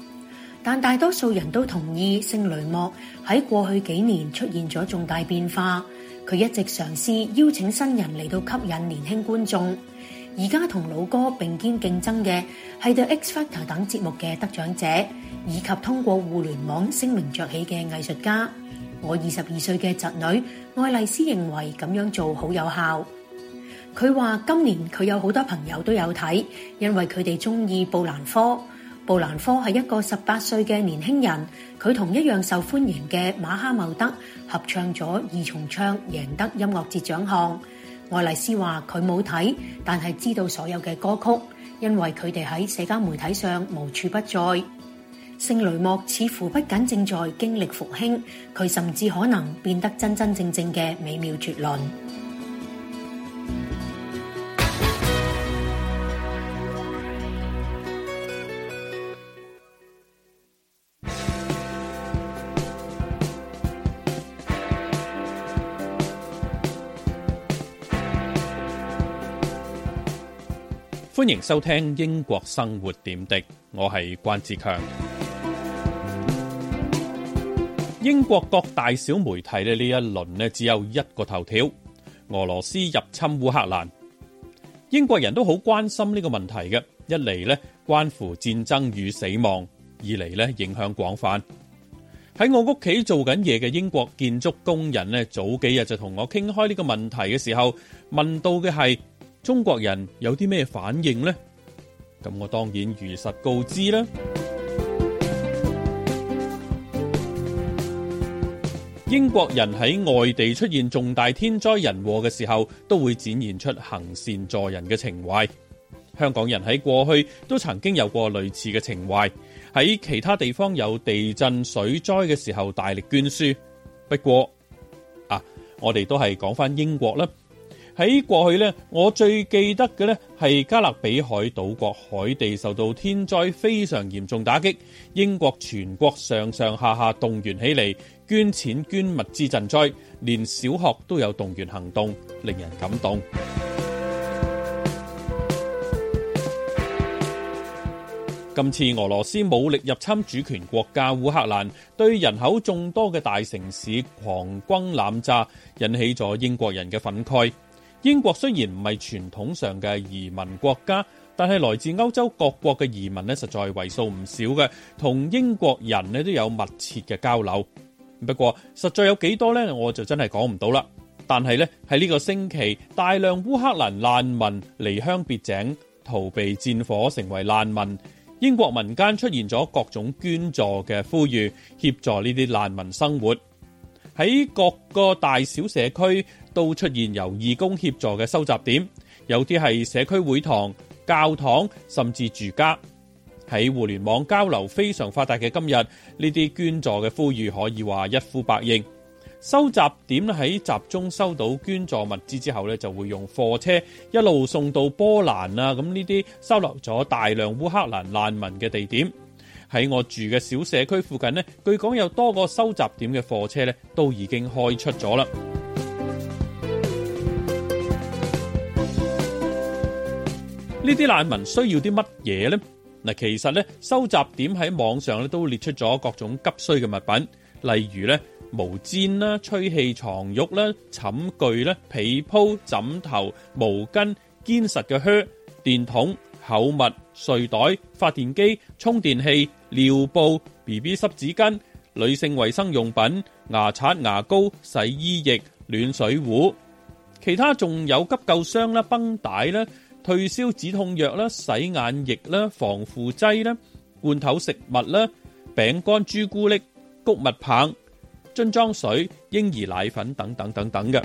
但大多數人都同意，聖雷莫喺過去幾年出現咗重大變化。佢一直嘗試邀請新人嚟到吸引年輕觀眾。而家同老哥並肩競爭嘅係對 X Factor 等節目嘅得獎者，以及通過互聯網聲名崛起嘅藝術家。我二十二歲嘅侄女愛麗絲認為咁樣做好有效。佢話今年佢有好多朋友都有睇，因為佢哋中意布蘭科。布蘭科係一個十八歲嘅年輕人，佢同一樣受歡迎嘅馬哈茂德合唱咗二重唱，贏得音樂節獎項。愛麗絲話佢冇睇，但係知道所有嘅歌曲，因為佢哋喺社交媒體上無處不在。聖雷莫似乎不僅正在經歷復興，佢甚至可能變得真真正正嘅美妙絕倫。
歡迎收聽英國生活點滴。我係關志強。英國各大小媒體呢，呢一輪呢，只有一個頭條：俄羅斯入侵烏克蘭。英國人都好關心呢個問題嘅，一嚟呢，關乎戰爭與死亡，二嚟呢，影響廣泛。喺我屋企做緊嘢嘅英國建築工人呢，早幾日就同我傾開呢個問題嘅時候，問到嘅係：中國人有啲咩反應呢？咁我當然如實告知啦。英國人喺外地出現重大天災人禍嘅時候，都會展現出行善助人嘅情懷。香港人喺過去都曾經有過類似嘅情懷，喺其他地方有地震、水災嘅時候，大力捐輸。不過啊，我哋都係講返英國啦。喺過去呢，我最記得嘅呢係加勒比海島國海地受到天災非常嚴重打擊，英國全國上上下下動員起嚟，捐錢捐物資賑災，連小學都有動員行動，令人感動。今次俄羅斯武力入侵主權國家烏克蘭，對人口眾多嘅大城市狂轟濫炸，引起咗英國人嘅憤慨。英國雖然唔係傳統上嘅移民國家，但係來自歐洲各國嘅移民呢，實在係為數唔少嘅，同英國人呢都有密切嘅交流。不過實在有幾多呢，我就真係講唔到啦。但係呢，喺呢個星期，大量烏克蘭難民離鄉別井，逃避戰火，成為難民。英國民間出現咗各種捐助嘅呼籲，協助呢啲難民生活。喺各個大小社區都出現由義工協助嘅收集點，有啲係社區會堂、教堂，甚至住家。喺互聯網交流非常發達嘅今日，呢啲捐助嘅呼籲可以話一呼百應。收集點喺集中收到捐助物資之後呢，就會用貨車一路送到波蘭啊，咁呢啲收留咗大量烏克蘭難民嘅地點。喺我住嘅小社區附近咧，據講有多個收集點嘅貨車咧，都已經開出咗啦。呢啲難民需要啲乜嘢呢？嗱，其實咧，收集點喺網上咧都列出咗各種急需嘅物品，例如咧毛氈啦、吹氣床褥、褥啦、枕具啦、被鋪、枕頭、毛巾、堅實嘅靴、電筒、厚襪。睡袋、發電機、充電器、尿布、BB 濕紙巾、女性衛生用品、牙刷、牙膏、洗衣液、暖水壺，其他仲有急救箱啦、繃帶啦、退燒止痛藥啦、洗眼液啦、防腐劑啦、罐頭食物啦、餅乾、朱古力、穀物棒、樽裝水、嬰兒奶粉等等等等嘅。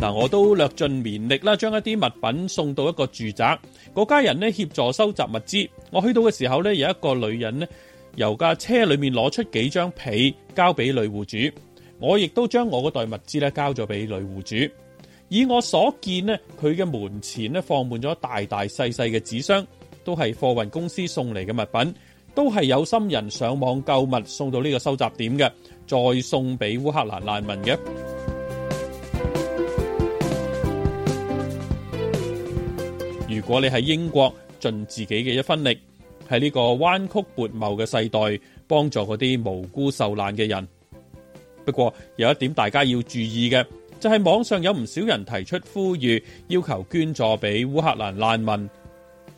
嗱，我都略盡綿力啦，將一啲物品送到一個住宅，嗰家人咧協助收集物資。我去到嘅時候咧，有一個女人咧由架車裏面攞出幾張被交俾女戶主，我亦都將我嗰袋物資咧交咗俾女戶主。以我所見咧，佢嘅門前咧放滿咗大大細細嘅紙箱，都係貨運公司送嚟嘅物品，都係有心人上網購物送到呢個收集點嘅，再送俾烏克蘭難民嘅。如果你喺英國盡自己嘅一分力，喺呢個彎曲撥茂嘅世代幫助嗰啲無辜受難嘅人。不過有一點大家要注意嘅，就係網上有唔少人提出呼籲，要求捐助俾烏克蘭難民。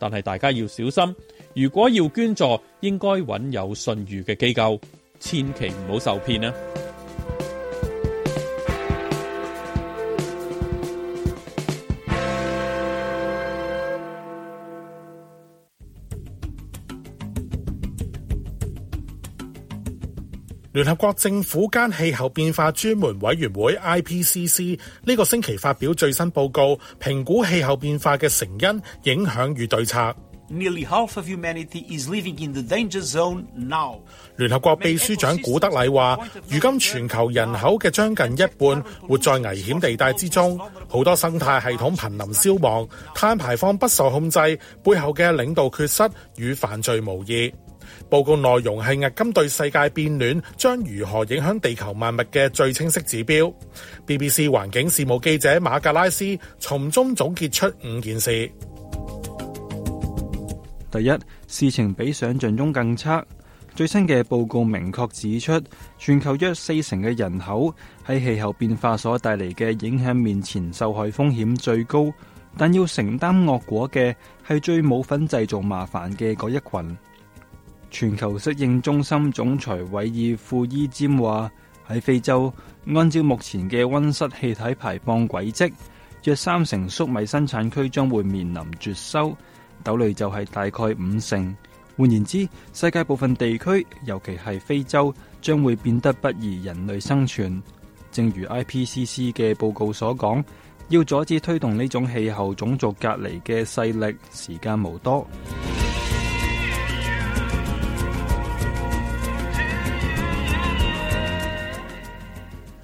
但係大家要小心，如果要捐助，應該揾有信譽嘅機構，千祈唔好受騙啊！
聯合國政府間氣候變化專門委員會 （IPCC） 呢個星期發表最新報告，評估氣候變化嘅成因、影響與對策。Nearly half of humanity is living in the danger zone now。 <music> 聯合國秘書長古德萊話，如今全球人口嘅將近一半活在危險地帶之中，好多生態系統瀕臨消亡，碳排放不受控制，背後嘅領導缺失與犯罪無異。報告內容係壓金對世界變暖將如何影響地球萬物嘅最清晰指標。BBC 環境事務記者馬格拉斯從中總結出五件事：
第一，事情比想象中更差。最新嘅報告明確指出，全球約四成嘅人口喺氣候變化所帶嚟嘅影響面前受害風險最高，但要承擔惡果嘅係最冇份製造麻煩嘅嗰一群。全球適應中心總裁韋爾庫伊佔話：喺非洲，按照目前嘅溫室氣體排放軌跡，約三成粟米生產區將會面臨絕收，豆類就係大概五成。換言之，世界部分地區，尤其係非洲，將會變得不宜人類生存。正如 IPCC 嘅報告所講，要阻止推動呢種氣候種族隔離嘅勢力，時間無多。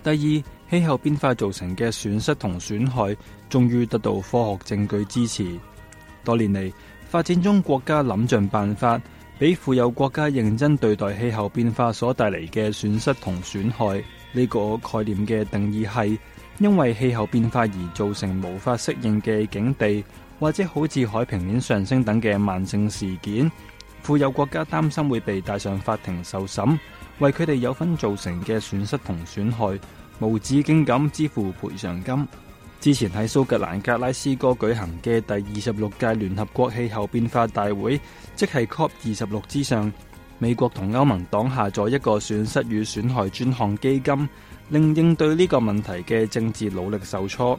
第二，氣候變化造成嘅損失同損害終於得到科學證據支持。多年嚟，發展中國家諗盡辦法，俾富有國家認真對待氣候變化所帶嚟嘅損失同損害呢個概念嘅定義係因為氣候變化而造成無法適應嘅境地，或者好似海平面上升等嘅慢性事件。富有國家擔心會被帶上法庭受審，為佢哋有分造成嘅損失同損害。無止境咁支付賠償金。之前喺蘇格蘭格拉斯哥舉行嘅第二十六屆聯合國氣候變化大會，即係 COP 二十六之上，美國同歐盟擋下咗一個損失與損害專項基金，令應對呢個問題嘅政治努力受挫。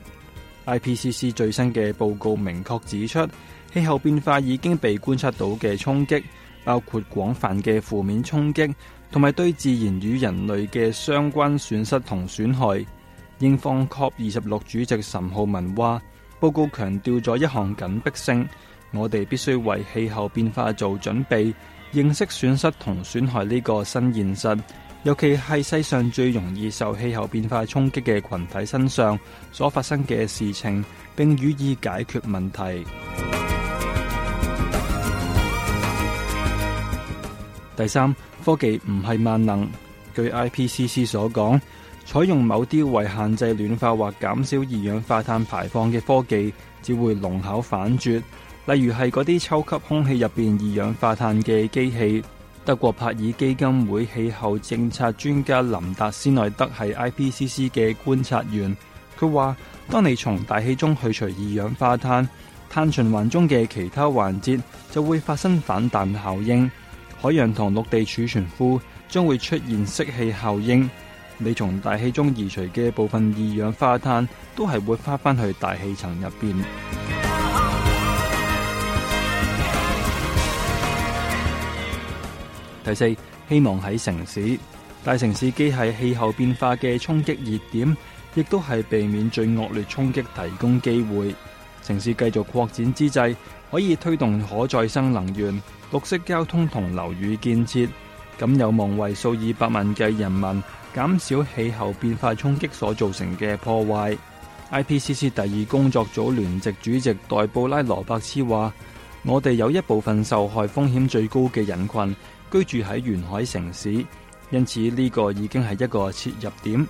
IPCC 最新嘅報告明確指出，氣候變化已經被觀察到嘅衝擊，包括廣泛嘅負面衝擊。同埋對自然與人類嘅相關損失同損害，英方 Cop 二十六主席岑浩文話：報告強調咗一項緊迫性，我哋必須為氣候變化做準備，認識損失同損害呢個新現實，尤其係世上最容易受氣候變化衝擊嘅群體身上所發生嘅事情，並予以解決問題。第三。科技唔係萬能。據 IPCC 所講，採用某啲為限制暖化或減少二氧化碳排放嘅科技，只會弄巧反拙。例如係嗰啲抽吸空氣入邊二氧化碳嘅機器。德國柏爾基金會氣候政策專家林達斯奈德係 IPCC 嘅觀察員，佢話：當你從大氣中去除二氧化碳，碳循環中嘅其他環節就會發生反彈效應。海洋同陸地儲存庫將會出現釋氣效應，你從大氣中移除嘅部分二氧化碳都係會翻返去大氣層入邊。 <music> 第四，希望喺城市，大城市既係氣候變化嘅衝擊熱點，亦都係避免最惡劣衝擊提供機會。城市繼續擴展之際，可以推動可再生能源。綠色交通同樓宇建設，咁有望為數以百萬嘅人民減少氣候變化衝擊所造成嘅破壞。I P C C 第二工作組聯席主席代布拉羅伯茨話：我哋有一部分受害風險最高嘅人群居住喺沿海城市，因此呢個已經係一個切入點。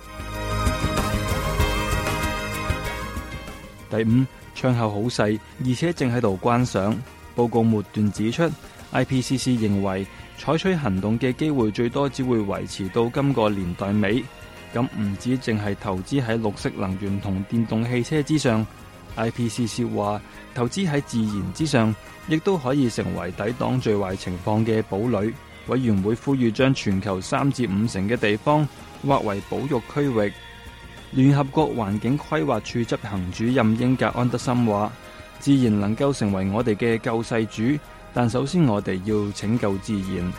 第五，窗口好細，而且正喺度關上。報告末段指出，I P C C 認為，採取行動嘅機會最多只會維持到今個年代尾。咁唔止淨係投資喺綠色能源同電動汽車之上，I P C C 話，投資喺自然之上，亦都可以成為抵擋最壞情況嘅堡壘。委員會呼籲將全球三至五成嘅地方劃為保育區域。聯合國環境規劃處執行主任英格安德森話，自然能夠成為我哋嘅救世主。但首先，我哋要拯救自然。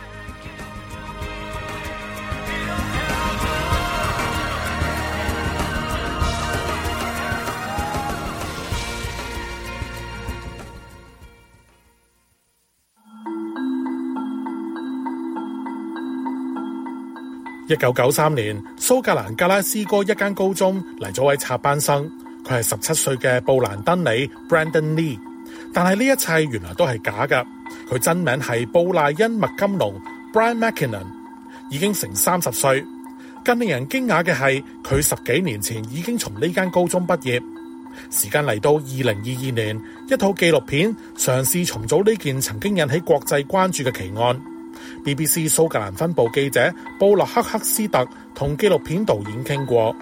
一九九三年，蘇格蘭格拉斯哥一間高中嚟咗位插班生，佢係十七歲嘅布蘭登李 （Brandon Lee）。但係呢一切原來都係假㗎。佢真名係布賴恩麥金農 （Brian McKinnon），已經成三十歲。更令人驚訝嘅係，佢十幾年前已經從呢間高中畢業。時間嚟到二零二二年，一套紀錄片嘗試重組呢件曾經引起國際關注嘅奇案。BBC 蘇格蘭分部記者布洛克克斯特同紀錄片導演傾過。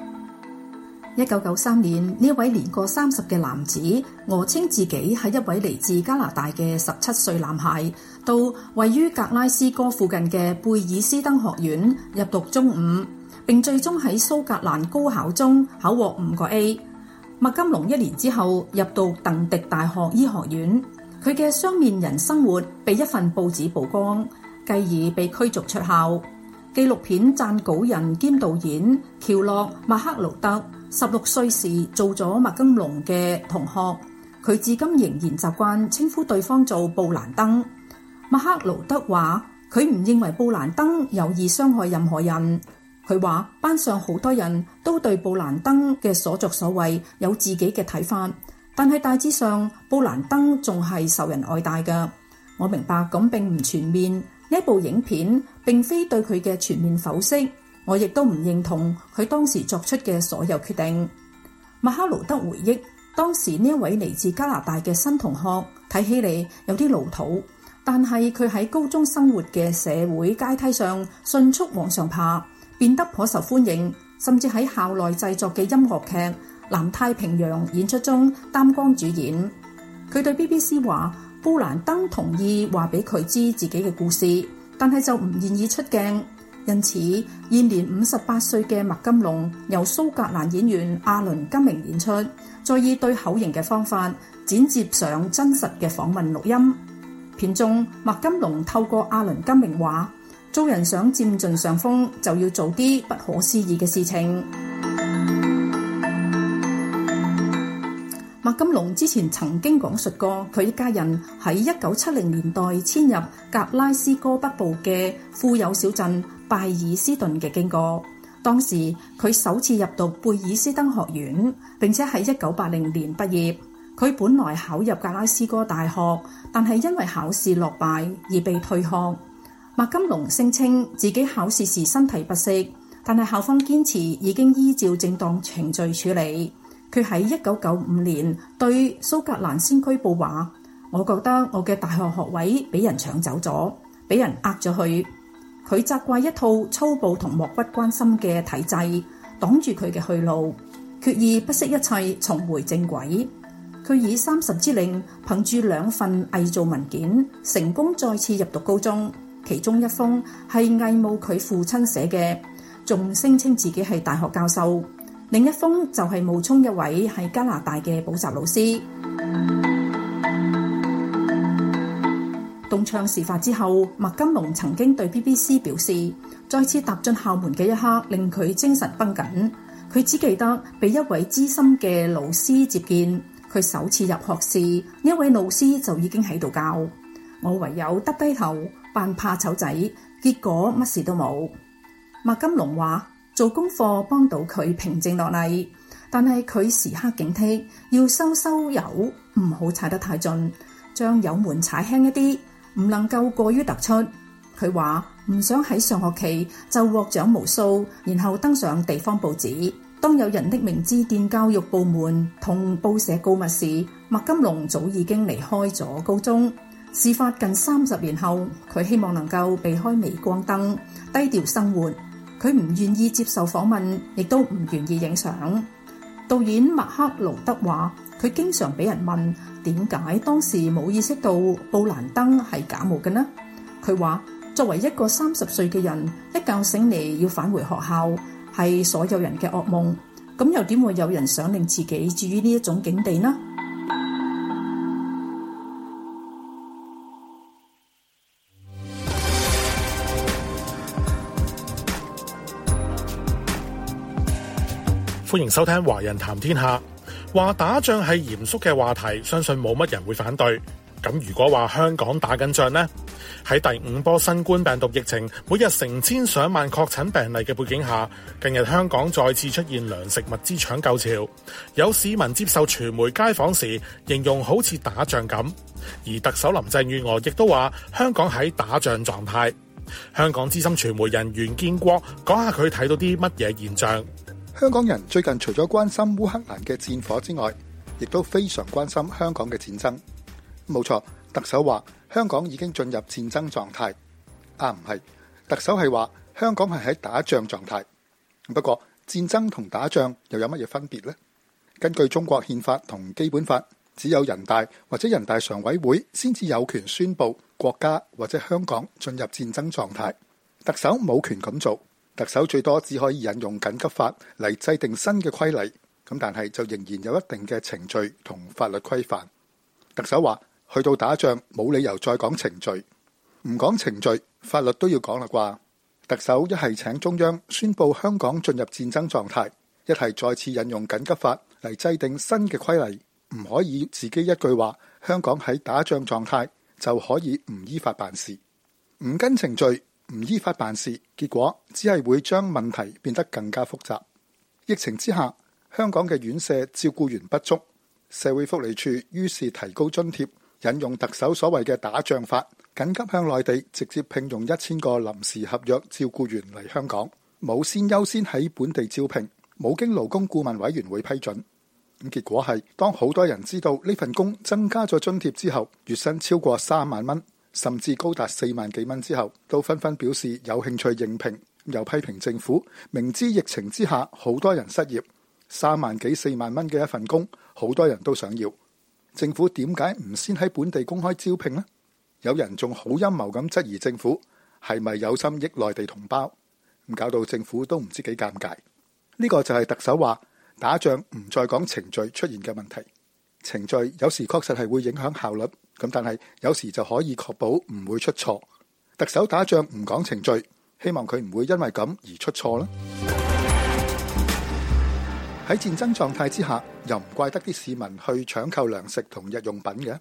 一九九三年，呢位年過三十嘅男子，訛稱自己係一位嚟自加拿大嘅十七歲男孩，到位於格拉斯哥附近嘅貝爾斯登學院入讀中五，並最終喺蘇格蘭高考中考獲五個 A。麥金龍一年之後入到鄧迪大學醫學院。佢嘅雙面人生活被一份報紙曝光，繼而被驅逐出校。紀錄片撰稿人兼導，導演喬洛麥克勞德。十六歲時做咗麥金龍嘅同學，佢至今仍然習慣稱呼對方做布蘭登。麥克勞德話：佢唔認為布蘭登有意傷害任何人。佢話班上好多人都對布蘭登嘅所作所為有自己嘅睇法，但係大致上布蘭登仲係受人愛戴嘅。我明白咁並唔全面，呢部影片並非對佢嘅全面否釋。我亦都唔認同佢當時作出嘅所有決定。麥克勞德回憶，當時呢位嚟自加拿大嘅新同學，睇起嚟有啲老土，但係佢喺高中生活嘅社會階梯上迅速往上爬，變得頗受歡迎，甚至喺校內製作嘅音樂劇《南太平洋》演出中擔綱主演。佢對 BBC 話，布蘭登同意話俾佢知自己嘅故事，但係就唔願意出鏡。因此，現年五十八歲嘅麥金龍由蘇格蘭演員阿倫金明演出，再以對口型嘅方法剪接上真實嘅訪問錄音。片中，麥金龍透過阿倫金明話：做人想佔盡上風，就要做啲不可思議嘅事情。麥金龍之前曾經講述過，佢一家人喺一九七零年代遷入格拉斯哥北部嘅富有小鎮。拜爾斯頓嘅經過，當時佢首次入讀貝爾斯登學院，並且喺一九八零年畢業。佢本來考入格拉斯哥大學，但係因為考試落敗而被退學。麥金龍聲稱自己考試時身體不適，但係校方堅持已經依照正當程序處理。佢喺一九九五年對蘇格蘭先驅報話：「我覺得我嘅大學學位俾人搶走咗，俾人呃咗去」。佢責怪一套粗暴同漠不關心嘅體制擋住佢嘅去路，決意不惜一切重回正軌。佢以三十之齡，憑住兩份偽造文件，成功再次入讀高中。其中一封係偽冒佢父親寫嘅，仲聲稱自己係大學教授；另一封就係冒充一位喺加拿大嘅補習老師。東窗事發之後，麥金龍曾經對 BBC 表示，再次踏進校門嘅一刻令佢精神繃緊。佢只記得被一位資深嘅老師接見，佢首次入學時，呢位老師就已經喺度教我，唯有耷頭扮怕醜仔，結果乜事都冇。麥金龍話做功課幫到佢平靜落嚟，但係佢時刻警惕，要收收油，唔好踩得太盡，將油門踩輕一啲。唔能夠過於突出，佢話唔想喺上學期就獲獎無數，然後登上地方報紙。當有人匿名致電教育部門同報社告密時，麥金龍早已經離開咗高中。事發近三十年後，佢希望能夠避開微光燈，低調生活。佢唔願意接受訪問，亦都唔願意影相。導演麥克盧德話。佢經常俾人問點解當時冇意識到布蘭登係假冒嘅呢？佢話作為一個三十歲嘅人，一覺醒嚟要返回學校係所有人嘅噩夢。咁又點會有人想令自己置於呢一種境地呢？
歡迎收聽《華人談天下》。話打仗係嚴肅嘅話題，相信冇乜人會反對。咁如果話香港打緊仗呢？喺第五波新冠病毒疫情，每日成千上萬確診病例嘅背景下，近日香港再次出現糧食物資搶購潮，有市民接受傳媒街訪時，形容好似打仗咁。而特首林鄭月娥亦都話香港喺打仗狀態。香港資深傳媒人袁建國講下佢睇到啲乜嘢現象。
香港人最近除咗關心烏克蘭嘅戰火之外，亦都非常關心香港嘅戰爭。冇錯，特首話香港已經進入戰爭狀態。啊，唔係，特首係話香港係喺打仗狀態。不過戰爭同打仗又有乜嘢分別咧？根據中國憲法同基本法，只有人大或者人大常委會先至有權宣布國家或者香港進入戰爭狀態。特首冇權咁做。特首最多只可以引用緊急法嚟制定新嘅規例，咁但係就仍然有一定嘅程序同法律規範。特首話：去到打仗冇理由再講程序，唔講程序，法律都要講啦啩？特首一係請中央宣布香港進入戰爭狀態，一係再次引用緊急法嚟制定新嘅規例，唔可以自己一句話香港喺打仗狀態就可以唔依法辦事，唔跟程序。唔依法辦事，結果只係會將問題變得更加複雜。疫情之下，香港嘅院舍照顧員不足，社會福利處於是提高津貼，引用特首所謂嘅打仗法，緊急向內地直接聘用一千個臨時合約照顧員嚟香港，冇先優先喺本地招聘，冇經勞工顧問委員會批准。咁結果係，當好多人知道呢份工增加咗津貼之後，月薪超過三萬蚊。甚至高達四萬幾蚊之後，都紛紛表示有興趣應聘，又批評政府明知疫情之下好多人失業，三萬幾四萬蚊嘅一份工，好多人都想要。政府點解唔先喺本地公開招聘呢？有人仲好陰謀咁質疑政府係咪有心益內地同胞，咁搞到政府都唔知幾尷尬。呢個就係特首話打仗唔再講程序出現嘅問題。程序有時確實係會影響效率，咁但係有時就可以確保唔會出錯。特首打仗唔講程序，希望佢唔會因為咁而出錯啦。喺 <music> 戰爭狀態之下，又唔怪得啲市民去搶購糧食同日用品嘅。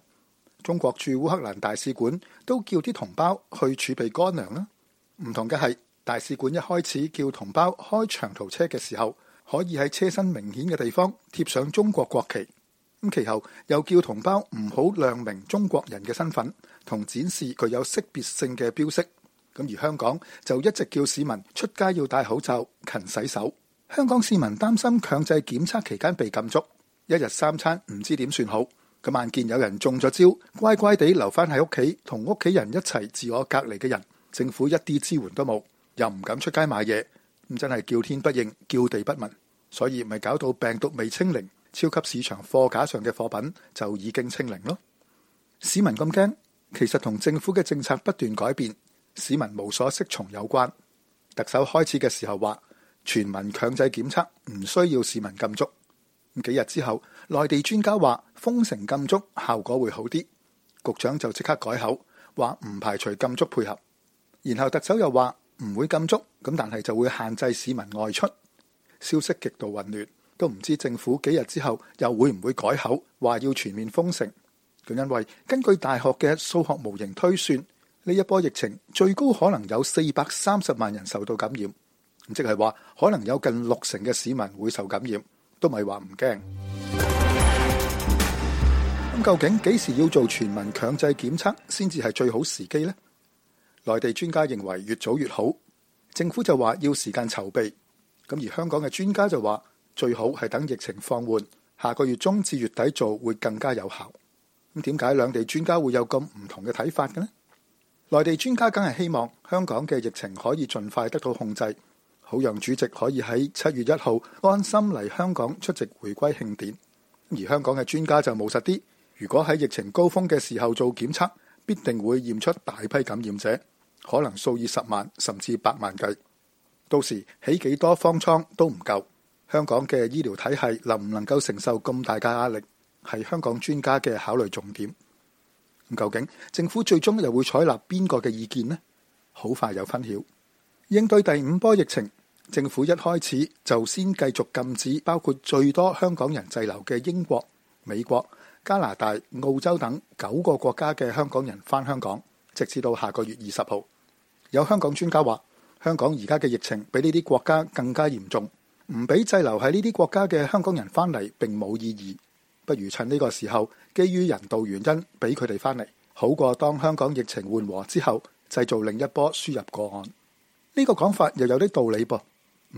中國駐烏克蘭大使館都叫啲同胞去儲備乾糧啦。唔同嘅係，大使館一開始叫同胞開長途車嘅時候，可以喺車身明顯嘅地方貼上中國國旗。咁其後又叫同胞唔好亮明中國人嘅身份，同展示具有識別性嘅標識。咁而香港就一直叫市民出街要戴口罩、勤洗手。香港市民擔心強制檢測期間被禁足，一日三餐唔知點算好。咁眼見有人中咗招，乖乖地留返喺屋企，同屋企人一齊自我隔離嘅人，政府一啲支援都冇，又唔敢出街買嘢，咁真係叫天不應，叫地不聞，所以咪搞到病毒未清零。超級市場貨架上嘅貨品就已經清零咯。市民咁驚，其實同政府嘅政策不斷改變，市民無所適從有關。特首開始嘅時候話全民強制檢測，唔需要市民禁足。咁幾日之後，內地專家話封城禁足效果會好啲，局長就即刻改口話唔排除禁足配合。然後特首又話唔會禁足，咁但係就會限制市民外出。消息極度混亂。都唔知政府幾日之後又會唔會改口，話要全面封城。咁因為根據大學嘅數學模型推算，呢一波疫情最高可能有四百三十萬人受到感染，即係話可能有近六成嘅市民會受感染，都唔係話唔驚。咁究竟幾時要做全民強制檢測先至係最好時機呢？內地專家認為越早越好，政府就話要時間籌備。咁而香港嘅專家就話。最好係等疫情放緩，下個月中至月底做會更加有效。咁點解兩地專家會有咁唔同嘅睇法嘅呢？內地專家梗係希望香港嘅疫情可以盡快得到控制，好讓主席可以喺七月一號安心嚟香港出席回歸慶典。而香港嘅專家就務實啲，如果喺疫情高峰嘅時候做檢測，必定會驗出大批感染者，可能數以十萬甚至百萬計，到時起幾多方艙都唔夠。香港嘅醫療體系能唔能夠承受咁大嘅壓力，係香港專家嘅考慮重點。究竟政府最終又會採納邊個嘅意見呢？好快有分曉。應對第五波疫情，政府一開始就先繼續禁止包括最多香港人滯留嘅英國、美國、加拿大、澳洲等九個國家嘅香港人返香港，直至到下個月二十號。有香港專家話，香港而家嘅疫情比呢啲國家更加嚴重。唔俾滯留喺呢啲國家嘅香港人返嚟，並冇意義。不如趁呢個時候，基於人道原因，俾佢哋返嚟，好過當香港疫情緩和之後，製造另一波輸入個案。呢個講法又有啲道理噃。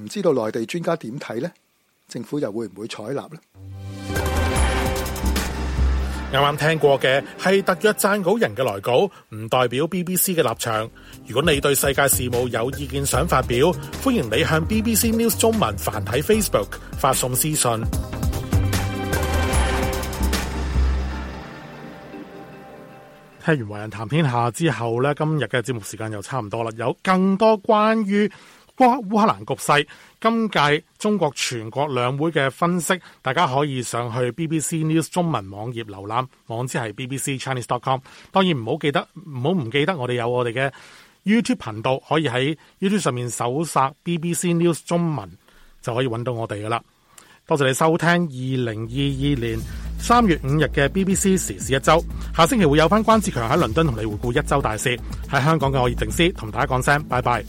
唔知道內地專家點睇呢？政府又會唔會採納呢？
啱啱聽過嘅係特約撰稿人嘅來稿，唔代表 BBC 嘅立場。如果你對世界事務有意見，想發表，歡迎你向 BBC News 中文繁體 Facebook 發送私信。聽完《華人談天下》之後呢，今日嘅節目時間又差唔多啦。有更多關於烏烏克蘭局勢、今屆中國全國兩會嘅分析，大家可以上去 BBC News 中文網頁瀏覽，網址係 BBC Chinese dot com。當然唔好記得，唔好唔記得，我哋有我哋嘅。YouTube 頻道，可以喺 YouTube 上面搜索 BBC News 中文，就可以揾到我哋㗎喇。多謝你收聽二零二二年三月五日嘅 BBC 時事一周。下星期會有翻關志強喺倫敦同你回顧一周大事。喺香港嘅我葉靖斯同大家講聲拜拜。